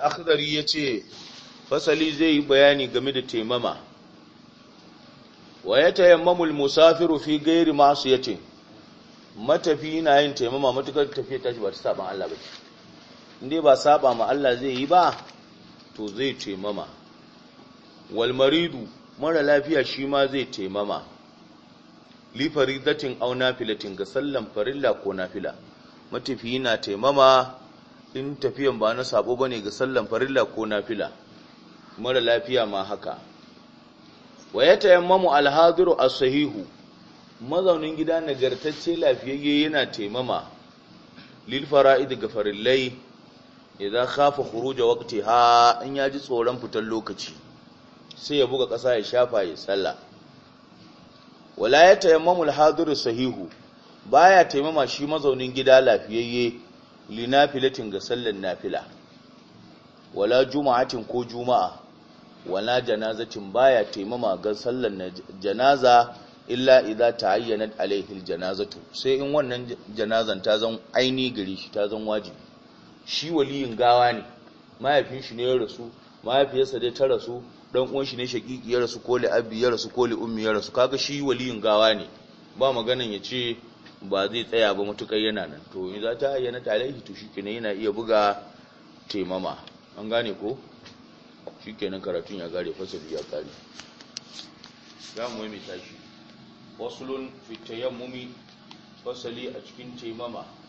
akhdari ya ce fasali zai yi bayani game da taimama wa ya tayammamul musafiru fi gairi masu ya ce matafi na yin taimama matukar tafiya tashi ba ta saban Allah ba inda ba saba ma Allah zai yi ba to zai taimama wal mara lafiya shi ma zai taimama li faridatin aw nafilatin ga sallan farilla ko nafila matafi na taimama in tafiyan ba na sabo bane ga sallan farilla ko nafila mara lafiya ma haka wa ya yatayammamu alhaziru a sahihu mazaunin gida nagartacce lafiyayye yana taimama lil fara'id ga farillai idan khafa wakati ha! in ya ji tsoron fitar lokaci sai ya buga kasa ya shafa ya sallah wala ya yatayammamu alhaziru sahihu baya taimama shi mazaunin gida lafiyayye linafilatin ga sallan nafila wala juma'atin ko juma'a wala janazatin baya taimama ga sallan janaza illa idza ta'ayyanat alaihi aljanazatu sai in wannan janazan ta zan aini gare shi ta zan wajibi shi waliyin gawa ne mahaifin shi ne ya rasu mahaifiyarsa dai ta rasu dan uwan shi ne shaqiqi ya rasu ko li abi ya rasu ko li ummi ya rasu kaga shi waliyin gawa ne ba maganan ya ce ba zai tsaya ba matukai yana nan to in za ta ayyana ta alaihi to kenan yana iya buga taimama an gane ko kenan karatun ya gare fasali ya kare za mu mai tashi wasulun fi tayammumi fasali a cikin taimama